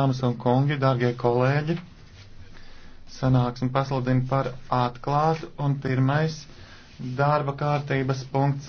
Dāmas un kungi, dārgie kolēģi, sanāksim pasludinu par atklātu un pirmais darba kārtības punkts.